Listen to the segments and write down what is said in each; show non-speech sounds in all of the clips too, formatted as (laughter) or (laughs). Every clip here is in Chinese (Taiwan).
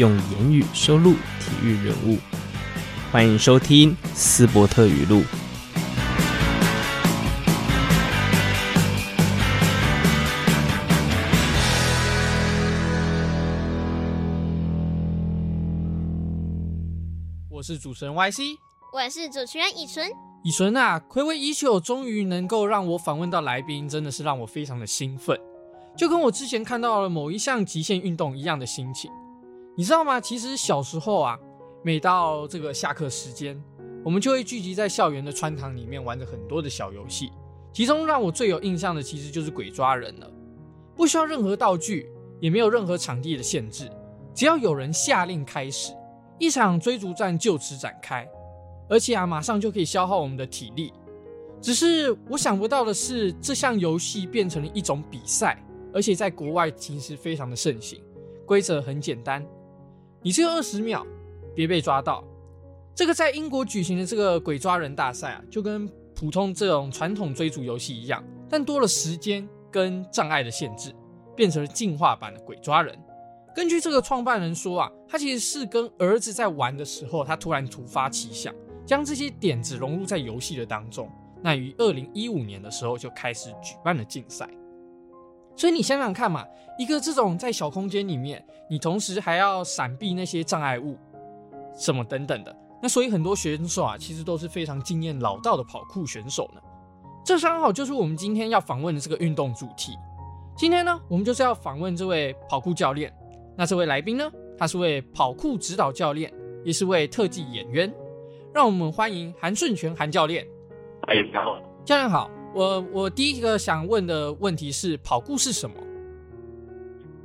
用言語收錄體育人物，歡迎收聽斯伯特語錄。我是主持人 YC，我是主持人以純。以純啊，睽違已久，終於能夠讓我訪問到來賓，真的是讓我非常的興奮，就跟我之前看到了某一項極限運動一樣的心情。你知道嗎？其實小時候啊，每到這個下課時間，我們就會聚集在校園的穿堂裡面玩着很多的小遊戲。其中讓我最有印象的其實就是鬼抓人了，不需要任何道具，也沒有任何場地的限制，只要有人下令開始，一場追逐戰就此展開。而且啊，馬上就可以消耗我們的體力。只是我想不到的是，這項遊戲變成了一種比賽，而且在國外其實非常的盛行。規則很簡單。你只有二十秒，別被抓到！這個在英國舉行的這個鬼抓人大賽啊，就跟普通這種傳統追逐遊戲一樣，但多了時間跟障礙的限制，變成了進化版的鬼抓人。根據這個創辦人說啊，他其實是跟兒子在玩的時候，他突然突發奇想，將這些點子融入在遊戲的當中。那於二零一五年的時候就開始舉辦了競賽。所以你想想看嘛，一個這種在小空間裡面，你同時還要閃避那些障礙物，什麼等等的，那所以很多選手啊，其實都是非常經驗老道的跑酷選手呢。這剛好就是我們今天要訪問的這個運動主題。今天呢，我們就是要訪問這位跑酷教練。那這位來賓呢，他是位跑酷指導教練，也是位特技演員。讓我們歡迎韓順全韓教練。哎，你好。教練好。我我第一個想問的問題是，跑酷是什麼？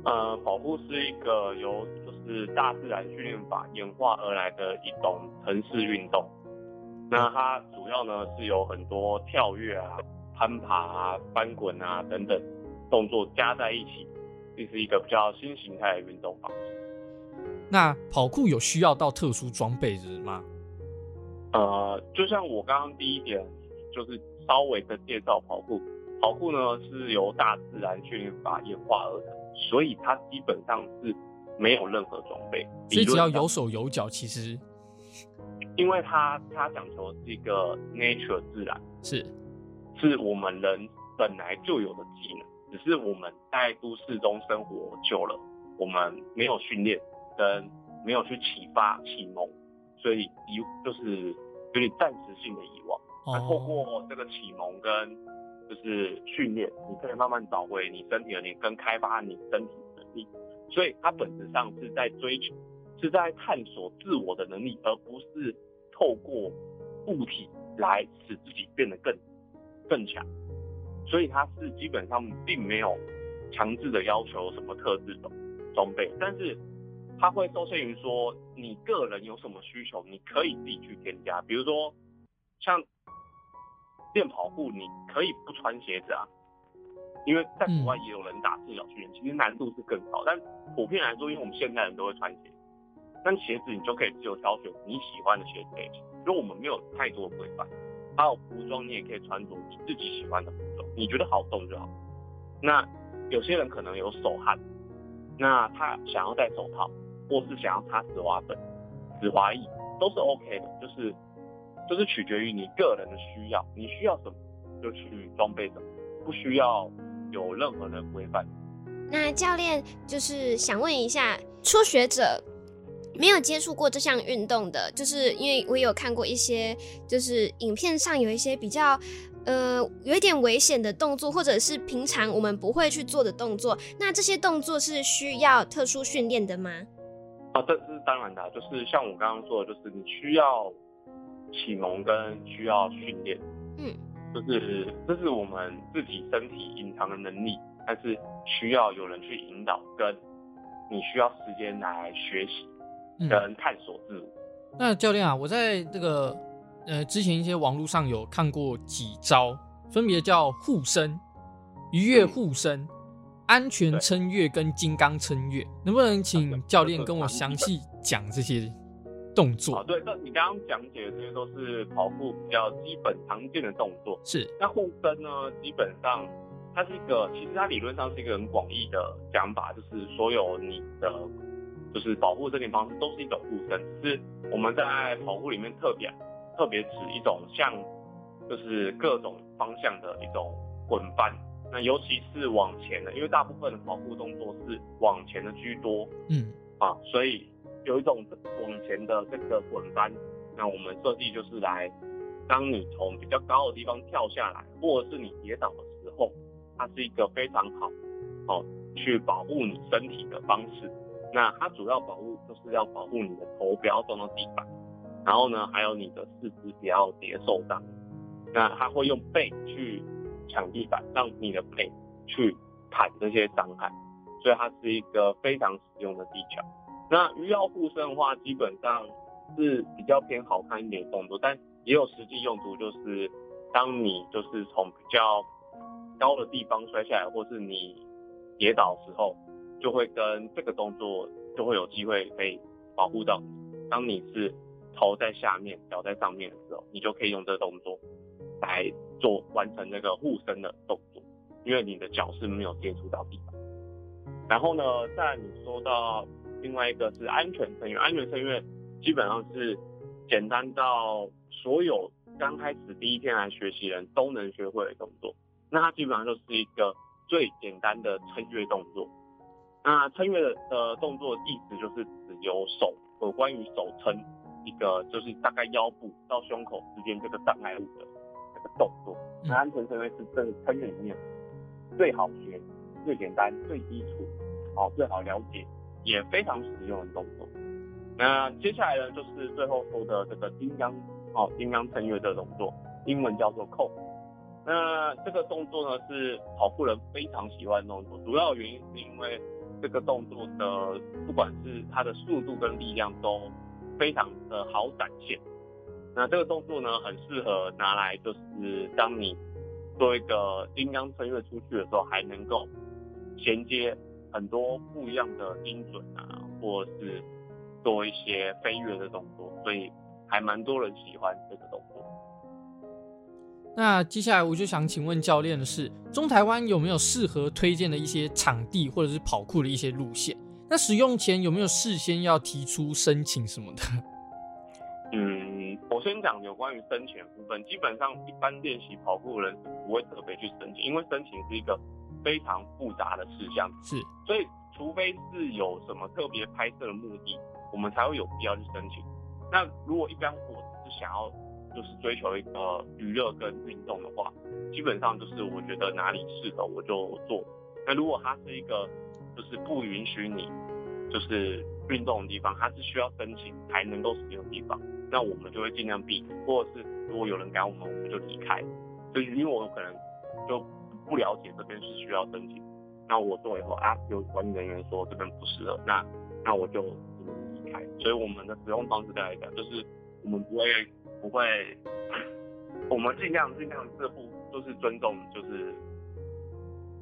呃，跑酷是一個由就是大自然訓練法演化而來的一種城市運動。那它主要呢是有很多跳躍啊、攀爬啊、翻滾啊等等動作加在一起，這是一個比較新形態的運動方式。那跑酷有需要到特殊裝備是嗎？呃，就像我剛剛第一點就是。稍微的介紹跑酷，跑酷呢是由大自然去把它演化而成，所以它基本上是沒有任何裝備，所以只要有手有腳，其實，因為它它講求是一個 nature 自然是，是我們人本來就有的技能，只是我們在都市中生活久了，我們沒有訓練跟沒有去啟發啟蒙，所以遺就是有點暫時性的遺忘。它透過這個啟蒙跟就是訓練，你可以慢慢找回你身體的能力跟開發你身體的能力，所以它本質上是在追求，是在探索自我的能力，而不是透過物體來使自己變得更更強。所以它是基本上並沒有強制的要求什麼特製的裝備，但是它會受限於說你個人有什麼需求，你可以自己去添加，比如說像。練跑步你可以不穿鞋子啊，因為在國外也有人打赤腳訓練，其實難度是更高。但普遍來說，因為我們現代人都會穿鞋，但鞋子你就可以自由挑選你喜歡的鞋子類型，因為我們沒有太多的規範。還有服裝你也可以穿着你自己喜歡的服裝，你覺得好動就好。那有些人可能有手汗，那他想要戴手套，或是想要擦止滑粉、止滑液都是 OK 的，就是。就是取決於你個人的需要，你需要什麼就去裝備什麼，不需要有任何的規範。那教練就是想問一下，初學者沒有接觸過這項運動的，就是因為我有看過一些，就是影片上有一些比較呃有一點危險的動作，或者是平常我們不會去做的動作，那這些動作是需要特殊訓練的嗎？啊，這是當然的啊，就是像我剛剛說的，就是你需要。啟蒙跟需要訓練，嗯，就是這，就是我們自己身體隱藏的能力，但是需要有人去引導，跟你需要時間來學習跟探索自我。嗯、那教練啊，我在這個呃之前一些網絡上有看過幾招，分別叫護身、魚躍護身、嗯、安全撐躍跟金剛撐躍，對能不能請教練跟我詳細講這些？動作啊，對，那你剛剛講解的這些都是跑酷比較基本常見的動作。是，那護身呢，基本上它是一個，其實它理論上是一個很廣義的講法，就是所有你的就是保護身體的方式都是一種護身，只是我們在愛愛跑酷裡面特別特別指一種像就是各種方向的一種滾翻，那尤其是往前的，因為大部分的跑酷動作是往前的居多，嗯，啊，所以。有一種往前的這個滾翻，那我們設計就是來，當你從比較高的地方跳下來，或者是你跌倒的時候，它是一個非常好哦去保護你身體的方式。那它主要保護就是要保護你的頭不要撞到地板，然後呢還有你的四肢不要跌受傷。那它會用背去搶地板，讓你的背去扛這些傷害，所以它是一個非常實用的技巧。那魚躍護身的話，基本上是比較偏好看一點的動作，但也有實際用途，就是當你就是從比較高的地方摔下來，或是你跌倒的時候，就會跟這個動作就會有機會可以保護到你。當你是頭在下面，腳在上面的時候，你就可以用這個動作來做完成那個護身的動作，因為你的腳是沒有接觸到地板。然後呢，在你說到另外一個是安全撐越。安全撐越基本上是簡單到所有剛開始第一天來學習的人都能學會的動作。那它基本上就是一個最簡單的撐越動作。那撐越的動作一直就是只有手，有關於手撐一個就是大概腰部到胸口之間這個障礙物的這個動作。那安全撐越是這個撐越裡面最好學、最簡單、最基礎、好，最好了解。也非常實用的動作。那接下來呢，就是最後說的這個金剛哦，金剛撐月的動作，英文叫做扣。那這個動作呢，是跑酷人非常喜歡的動作，主要原因是因為這個動作的不管是它的速度跟力量都非常的好展現。那這個動作呢，很適合拿來就是當你做一個金剛撐月出去的時候，還能夠銜接。很多不一樣的音準啊，或是做一些飛躍的動作，所以還蠻多人喜歡這個動作。那接下來我就想請問教練的是，中台灣有沒有適合推薦的一些場地或者是跑酷的一些路線？那使用前有沒有事先要提出申請什麼的？嗯，我先講有關於申請的部分，基本上一般練習跑酷的人是不會特別去申請，因為申請是一個。非常複雜的事項是，所以除非是有什麼特別拍攝的目的，我們才會有必要去申請。那如果一般我是想要就是追求一個娛樂跟運動的話，基本上就是我覺得哪裡適合我就做。那如果它是一個就是不允許你就是運動的地方，它是需要申請才能夠使用的地方，那我們就會儘量避。或者是如果有人趕我們，我們就離開。所以因為我可能就。不了解這邊是需要申請，那我作為後 a 有、啊、管理人員說這邊不適合，那那我就離開。所以我們的使用方式來講，就是我們不會不會，我們盡量盡量似乎就是尊重，就是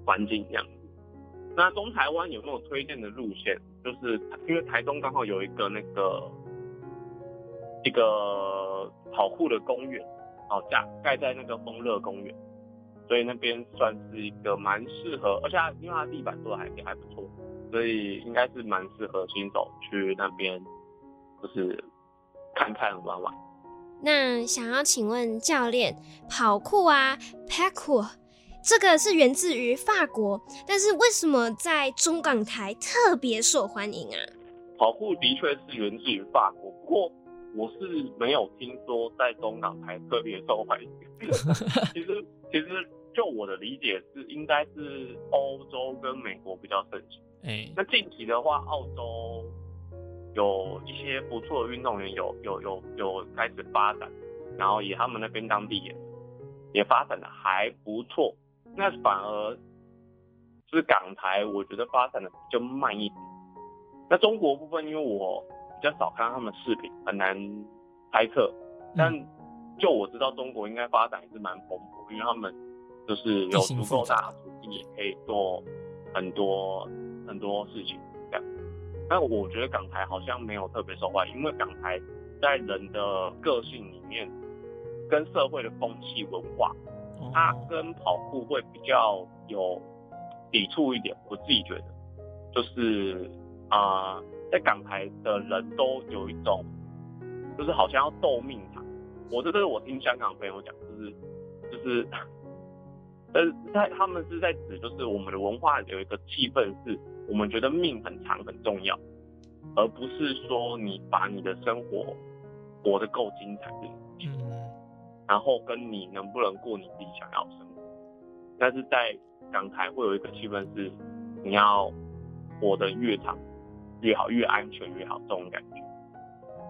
環境這樣子。那東台灣有沒有推薦的路線？就是因為台東剛好有一個那個一個跑酷的公園，哦，架蓋在那個豐樂公園。所以那邊算是一個蠻適合，而且它因為它地板做的還還不錯，所以應該是蠻適合新手去那邊，就是看一看玩玩。那想要請問教練，跑酷啊，Parkour，這個是源自於法國，但是為什麼在中港台特別受歡迎啊？跑酷的確是源自於法國，不過。我是沒有聽說在中港台特別受歡迎。其實，其實就我的理解是，應該是歐洲跟美國比較盛行。欸，那近期的話，澳洲有一些不錯的運動員有，有有有有開始發展，然後以他們那邊當地人也發展的還不錯。那反而就是港台，我覺得發展的比較慢一點。那中國部分，因為我。比較少看他們視頻，很難猜測。嗯、但就我知道，中國應該發展還是蠻蓬勃，因為他們就是有足夠大的土地，可以做很多很多事情這樣。但我覺得港台好像沒有特別受歡迎，因為港台在人的個性裡面，跟社會的風氣文化，嗯嗯，它跟跑酷會比較有抵觸一點。我自己覺得，就是啊。嗯呃在港台的人都有一種，就是好像要鬥命長。我這個我聽香港朋友講，就是就是，但是在他們是在指，就是我們的文化有一個氣氛，是我們覺得命很長很重要，而不是說你把你的生活活得夠精彩的，然後跟你能不能過你自己想要的生活。但是在港台會有一個氣氛是，你要活得越長。越好，越安全越好，這種感覺。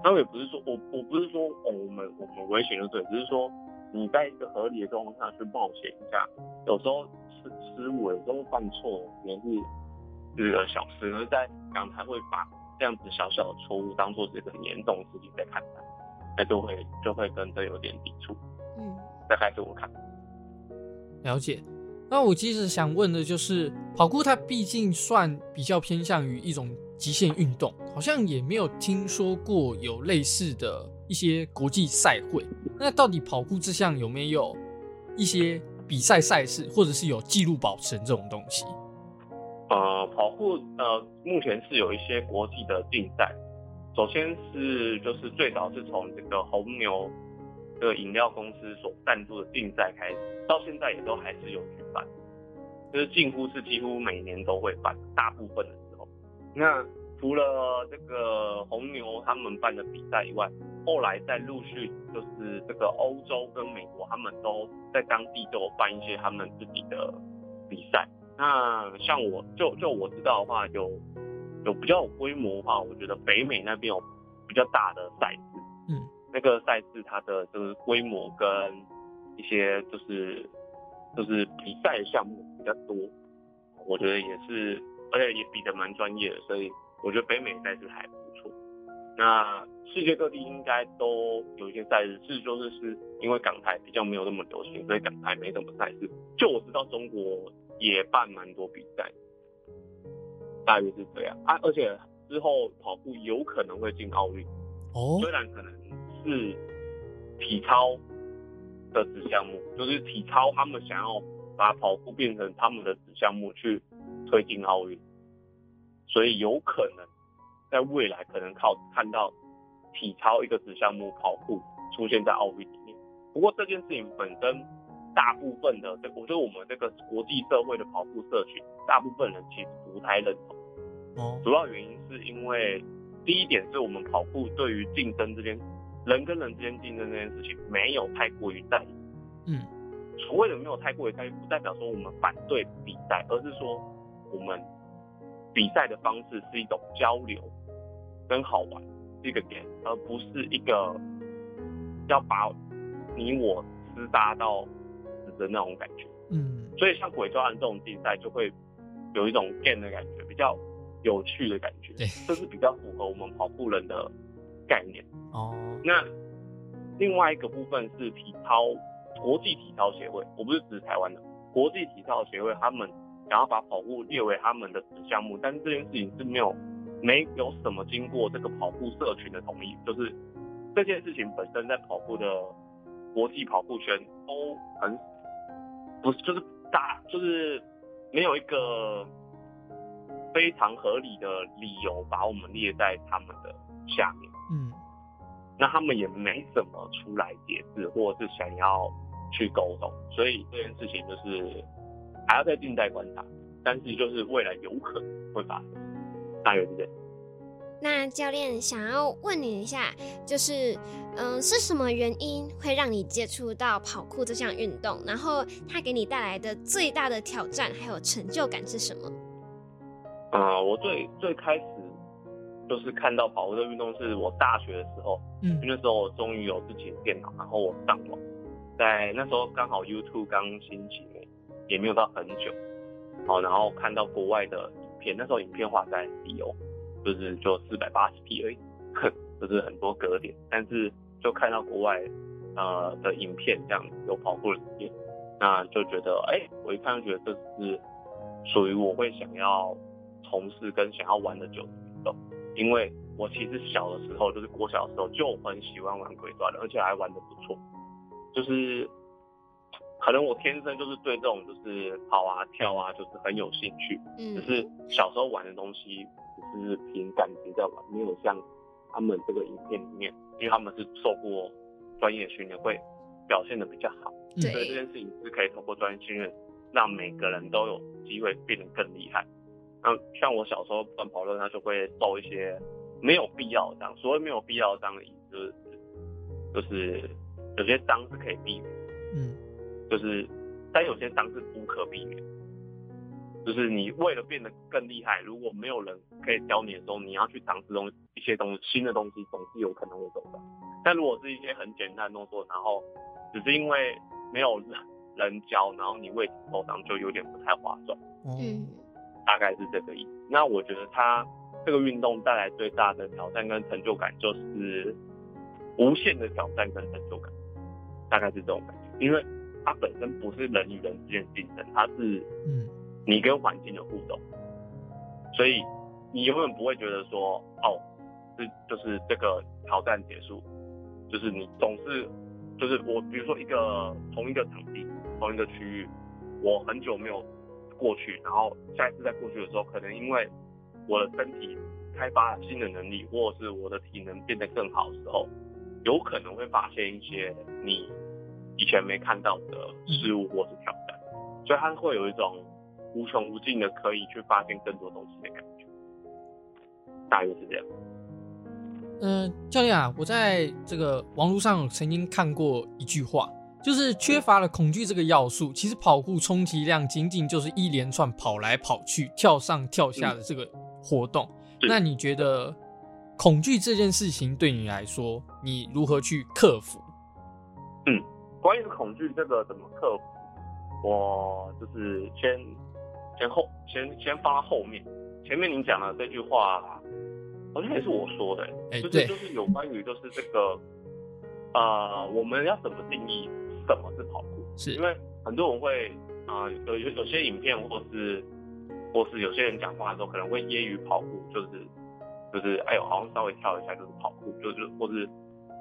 那我也不是說，我我不是說我們，我們我們危險就對，只是說你在一個合理的狀況下去冒險一下，有時候失失誤，有時候犯錯也是一個小事，而、就是、在港台會把這樣子小小的錯誤當做這個嚴重事情在看待，那就會就會跟隊有點抵觸。嗯，大概是我看。了解。那我其實想問的就是，跑酷它畢竟算比較偏向於一種。極限運動好像也沒有聽說過有類似的一些國際賽會，那到底跑酷這項有沒有一些比賽賽事，或者是有記錄保持這種東西？呃，跑酷呃目前是有一些國際的競賽，首先是就是最早是從這個紅牛的飲料公司所贊助的競賽開始，到現在也都還是有舉辦，就是近乎是幾乎每年都會辦，大部分的。那除了這個紅牛他們辦的比賽以外，後來再陸續就是這個歐洲跟美國，他們都在當地都有辦一些他們自己的比賽。那像我就就我知道的話，有有比較有規模的話，我覺得北美那邊有比較大的賽事，嗯，那個賽事它的就是規模跟一些就是就是比賽項目比較多，我覺得也是。而且也比得蠻專業的，所以我覺得北美賽事還不錯。那世界各地應該都有一些賽事，是說是因為港台比較沒有那麼流行，所以港台沒什麼賽事。就我知道，中國也辦蠻多比賽，大約是這樣，啊，而且之後跑酷有可能會進奧運，哦，雖然可能是體操的子項目，就是體操他們想要把跑酷變成他們的子項目去。推進奧運，所以有可能在未來可能靠看到體操一個子項目跑酷出現在奧運裡面。不過這件事情本身，大部分的，我覺得我們這個國際社會的跑酷社群，大部分人其實不太認同。哦。主要原因是因為第一點是我們跑酷對於競爭這件人跟人之間競爭這件事情沒有太過於在意。嗯。所謂的沒有太過於在意，代不代表說我們反對比賽，而是說。我們比賽的方式是一種交流、跟好玩，是一個點，而不是一個要把你我廝殺到死的那種感覺。嗯，所以像鬼抓人這種比賽就會有一種 game 的感覺，比較有趣的感覺。對這是比較符合我們跑酷人的概念。哦，那另外一個部分是體操，國際體操協會，我不是指台灣的國際體操協會，他們。然後把跑酷列為他們的子項目，但是這件事情是沒有，沒有什麼經過這個跑酷社群的同意，就是這件事情本身在跑酷的國際跑酷圈都很不是，就是大就是沒有一個非常合理的理由把我們列在他們的下面，嗯，那他們也沒怎麼出來解釋或者是想要去溝通，所以這件事情就是。還要在近代觀察，但是就是未來有可能會發生大。大約幾點？那教練想要問你一下，就是嗯、呃，是什麼原因會讓你接觸到跑酷這項運動？然後它給你帶來的最大的挑戰還有成就感是什麼？啊、呃，我最最開始就是看到跑酷這運動，是我大學的時候，嗯，那時候我終於有自己的電腦，然後我上網，在那時候剛好 YouTube 剛興起。也沒有到很久，好、哦，然後看到國外的影片，那時候影片畫在低哦，就是就四百八十 P 而已，就是很多格點，但是就看到國外呃的影片這樣有跑步的影片，那就覺得，誒、欸，我一看就覺得這是屬於我會想要從事跟想要玩的運動，因為我其實小的時候就是國小的時候就很喜歡玩鬼抓人，而且還玩得不錯，就是。可能我天生就是對這種就是跑啊、跳啊，就是很有興趣，嗯，就是小時候玩的東西，就是憑感覺在玩，沒有像他們這個影片裡面，因為他們是受過專業訓練，會表現得比較好，對，所以這件事情是可以透過專業訓練讓每個人都有機會變得更厲害。那像我小時候亂跑的時候就會受一些沒有必要的，這樣所謂沒有必要的的，當然就是就是有些傷是可以避免，嗯。就是，但有些傷是不可避免。就是你為了變得更厲害，如果沒有人可以教你的時候，你要去嘗試種一些東西新的東西，總是有可能會受傷。但如果是一些很簡單的動作，然後只是因為沒有人教，然後你為此受傷，就有點不太划算。嗯，大概是這個意思。那我覺得它這個運動帶來最大的挑戰跟成就感，就是無限的挑戰跟成就感，大概是這種感覺，因為。它本身不是人與人之間的競爭，它是，嗯，你跟環境的互動，所以你永遠不會覺得說，哦，這就是這個挑戰結束，就是你總是，就是我比如說一個同一個場地，同一個區域，我很久沒有過去，然後下一次再過去的時候，可能因為我的身體開發新的能、能力，或者是我的體能變得更好的時候，有可能會發現一些你，以前沒看到的事物或是挑戰，嗯、所以他會有一種無窮無盡的可以去發現更多東西的感覺，大概是這樣。嗯、呃，教練啊，我在這個網絡上曾經看過一句話，就是缺乏了恐懼這個要素，嗯、其實跑酷充其量僅僅就是一連串跑來跑去、跳上跳下的這個活動。嗯、那你覺得恐懼這件事情對你來說，你如何去克服？嗯。關於恐懼這個怎麼克服，我就是先先後先先放到後面。前面您講的這句話好像，哦、也是我說的，就是，欸、就是有關於就是這個，啊、呃、我們要怎麼定義什麼是跑酷？是因為很多人會啊、呃、有有有些影片或是或是有些人講話的時候可能會揶揄跑酷，就是就是哎呦好像稍微跳一下就是跑酷，就是或是。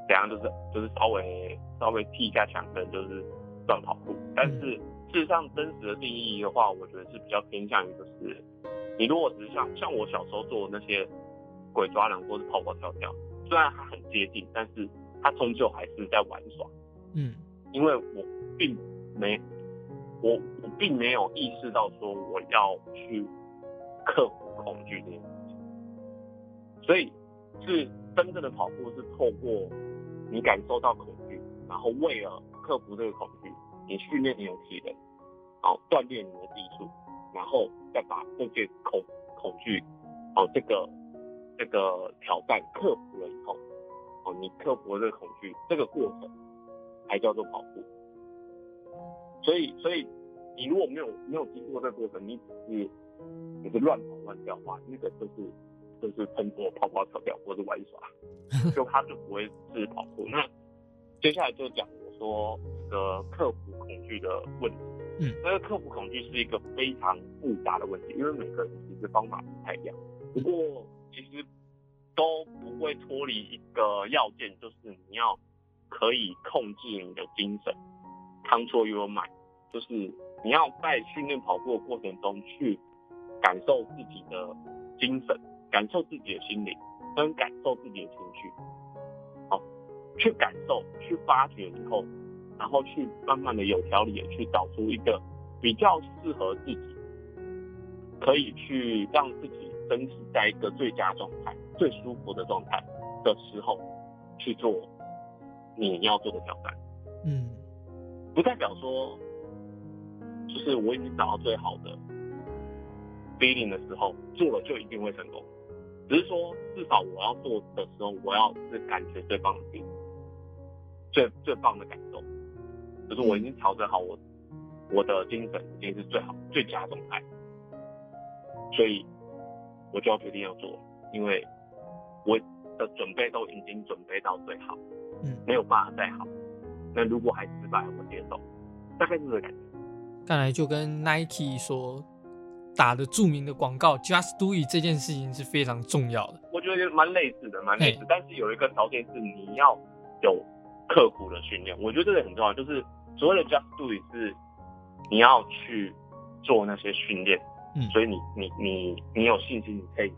怎樣就是就是稍微稍微踢一下強人就是算跑酷。但是事實上真實的定義的話，我覺得是比較偏向於就是，你如果只是像像我小時候做的那些鬼抓人或是跑跑跳跳，雖然它很接近，但是它終究還是在玩耍。嗯，因為我並沒我我並沒有意識到說我要去克服恐懼這件事情，所以是真正的跑酷是透過。你感受到恐懼，然後為了克服這個恐懼，你訓練你的體能，好，鍛鍊你的技術，然後再把這些恐恐懼，哦，這個這個挑戰克服了以後，哦，你克服了這個恐懼，這個過程才叫做跑酷。所以，所以你如果沒有沒有經過這個過程，你只是你是亂跑亂跳的話，那個就是。就是通過跑跑跳跳或者玩耍，就他就不會是跑酷。那接下來就講我說的、這個、克服恐懼的問題。嗯，那個克服恐懼是一個非常複雜的問題，因為每個人其實方法不太一樣。不過其實都不會脫離一個要件，就是你要可以控制你的精神，control your mind，就是你要在訓練跑步的過程中去感受自己的精神。感受自己的心靈，跟感受自己的情緒，好，去感受，去發掘以後，然後去慢慢的有條理的去找出一個比較適合自己，可以去讓自己身體在一個最佳狀態、最舒服的狀態的時候去做你要做的挑戰。嗯，不代表說，就是我已經找到最好的 feeling 的時候，做了就一定會成功。只是說，至少我要做的時候，我要是感覺最棒的，最最棒的感受，就是我已經調整好我我的精神已經是最好最佳狀態，所以我就要決定要做，因為我的準備都已經準備到最好，嗯，沒有辦法再好。那如果還失敗，我接受，大概就是感覺。剛才就跟 Nike 說。打的著,著名的廣告，just do it 這件事情是非常重要的。我覺得蠻類似的，蠻類似，嘿但是有一個條件是你要有刻苦的訓練。我覺得這個很重要，就是所謂的 just do it 是你要去做那些訓練，嗯、所以你你你你有信心，你可以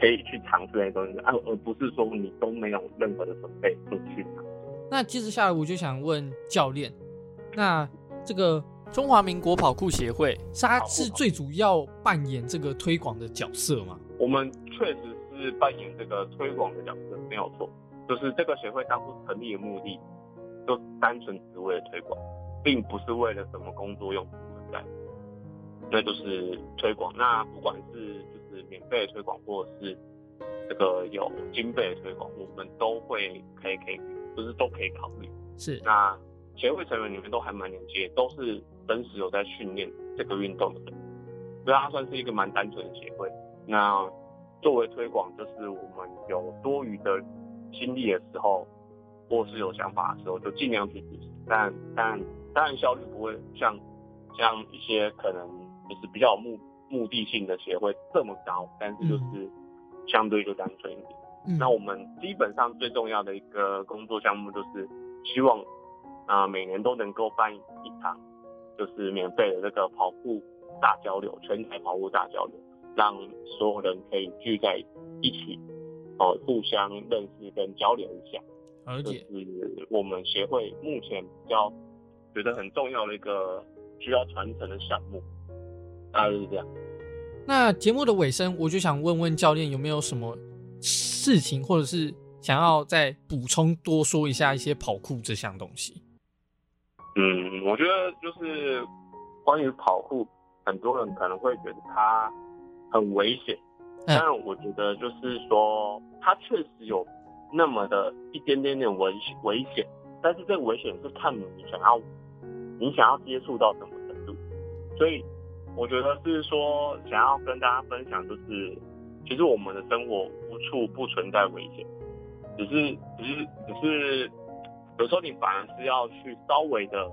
可以去嘗試那些東西，而而不是說你都沒有任何的準備就去嘗。那接着下來我就想問教練，那這個。中華民國跑酷協會是他是最主要扮演這個推廣的角色嗎？我們確實是扮演這個推廣的角色，沒有錯。就是這個協會當初成立的目的，就是、單純只為了推廣，並不是為了什麼工作用存在。那就是推廣。那不管是就是免費的推廣，或者是這個有經費的推廣，我們都會可以可以，就是都可以考慮。是。那協會成員裡面都還蠻年輕，都是。當時有在訓練這個運動的人，所以他算是一個蠻單純的協會。那作為推廣，就是我們有多餘的心力的時候，或是有想法的時候，就盡量去支持，但但當然效率不會像像一些可能就是比較有目目的性的協會這麼高，但是就是相對就單純一點。那我們基本上最重要的一個工作項目，就是希望啊、呃、每年都能夠辦一場。一就是免費的這個跑酷大交流，全台跑酷大交流，讓所有人可以聚在一起，哦，互相認識跟交流一下，而且是我們協會目前比較覺得很重要的一個需要傳承的項目，大概是這樣。那節目的尾聲，我就想問問教練有沒有什麼事情，或者是想要再補充多說一下一些跑酷這項東西。嗯，我覺得就是關於跑酷，很多人可能會覺得它很危險，但我覺得就是說它確實有那麼的一點點點危危險，但是這個危險是看你想要你想要接觸到什麼程度，所以我覺得是說想要跟大家分享，就是其實我們的生活無處不存在危險，只是只是只是。只是有時候你反而是要去稍微的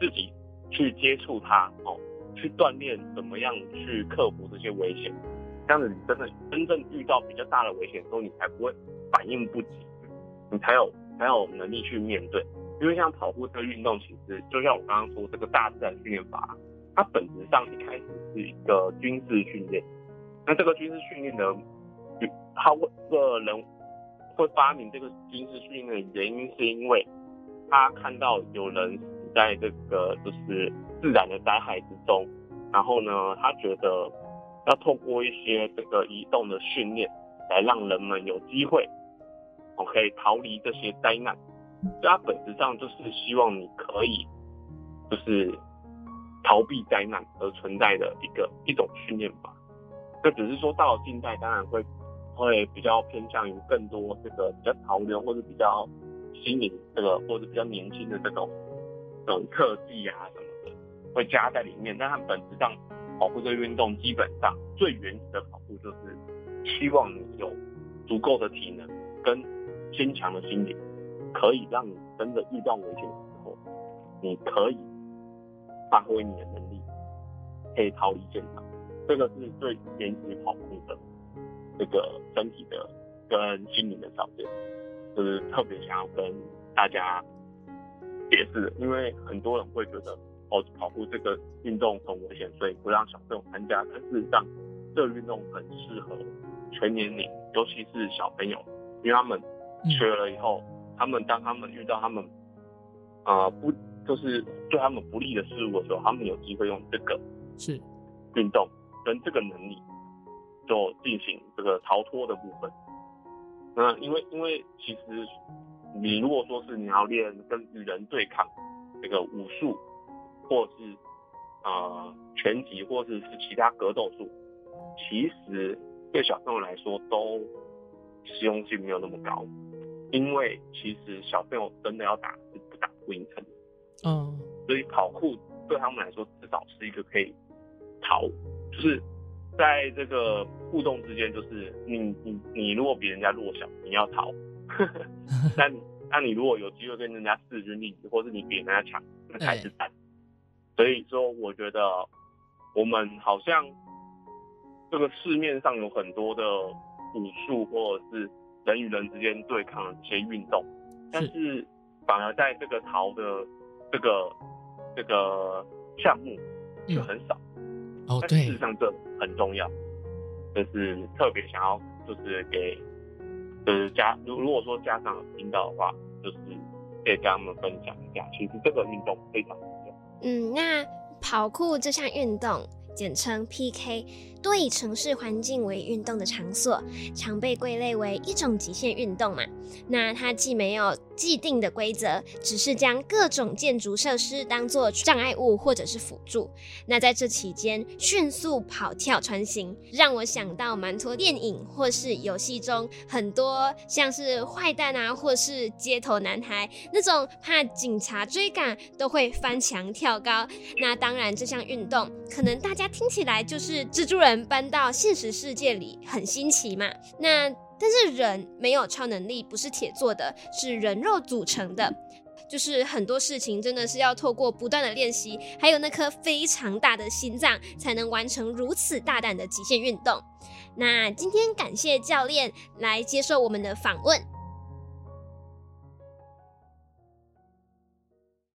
自己去接觸它，哦，去鍛鍊怎麼樣去克服這些危險，這樣子你真的真正遇到比較大的危險的時候，你才不會反應不及，你才有才有能力去面對。因為像跑酷這個運動，其實就像我剛剛說這個大自然訓練法，它本質上一開始是一個軍事訓練，那這個軍事訓練的，它問個人。會發明這個軍事訓練的原因，是因為他看到有人死在這個就是自然的災害之中，然後呢，他覺得要透過一些這個移動的訓練，來讓人們有機會，我可以逃離這些災難。所以他本質上就是希望你可以，就是逃避災難而存在的一個一種訓練吧。這只是說到了近代，當然會。會比較偏向於更多這個比較潮流或者比較新穎這個，或者比較年輕的這種，嗯，特技啊什麼的，會加在裡面。但它本質上，跑步這個運動基本上最原始的跑步就是，希望你有足夠的體能跟堅強的心理，可以讓你真的遇到危險的時候，你可以發揮你的能力，可以逃離現場。這個是最原始跑步的。這個身體的跟心靈的條件，就是特別想要跟大家解釋，因為很多人會覺得哦，跑酷這個運動很危險，所以不讓小朋友參加。但事實上，這個、運動很適合全年齡，尤其是小朋友，因為他們學了以後，嗯、他們當他們遇到他們啊、呃、不就是對他們不利的事物的時候，他們有機會用這個是運動跟這個能力，就進行這個逃脫的部分。那因為因為其實你如果說是你要練跟與人對抗這個武術，或是啊、呃、拳擊，或者是,是其他格鬥術，其實對小朋友來說都實用性沒有那麼高。因為其實小朋友真的要打是不打贏他們的。嗯。Oh. 所以跑酷對他們來說至少是一個可以逃，就是。在這個互動之間，就是你你你如果比人家弱小，你要逃；那呵那呵 (laughs) 你如果有機會跟人家勢均力敵，或是你比人家強，那才是膽。欸、所以說，我覺得我們好像這個市面上有很多的武術或者是人與人之間對抗的一些運動，是但是反而在這個逃的這個這個項目就很少。嗯哦，對。事實上這很重要，oh, 對就是特別想要就是給就是家如如果說家長聽到的話，就是可以跟他們分享一下，其實這個運動非常重要。嗯，那跑酷這項運動，簡稱 PK。多以城市環境為運動的場所，常被歸類為一種極限運動嘛？那它既沒有既定的規則，只是將各種建築設施當做障礙物或者是輔助。那在這期間迅速跑跳穿行，讓我想到蠻多電影或是遊戲中很多像是壞蛋啊，或是街頭男孩那種怕警察追趕都會翻牆跳高。那當然這項運動可能大家聽起來就是蜘蛛人。搬到現實世界裡很新奇嘛？那但是人沒有超能力，不是鐵做的，是人肉組成的，就是很多事情真的是要透過不斷的練習，還有那顆非常大的心臟，才能完成如此大膽的極限運動。那今天感謝教練來接受我們的訪問。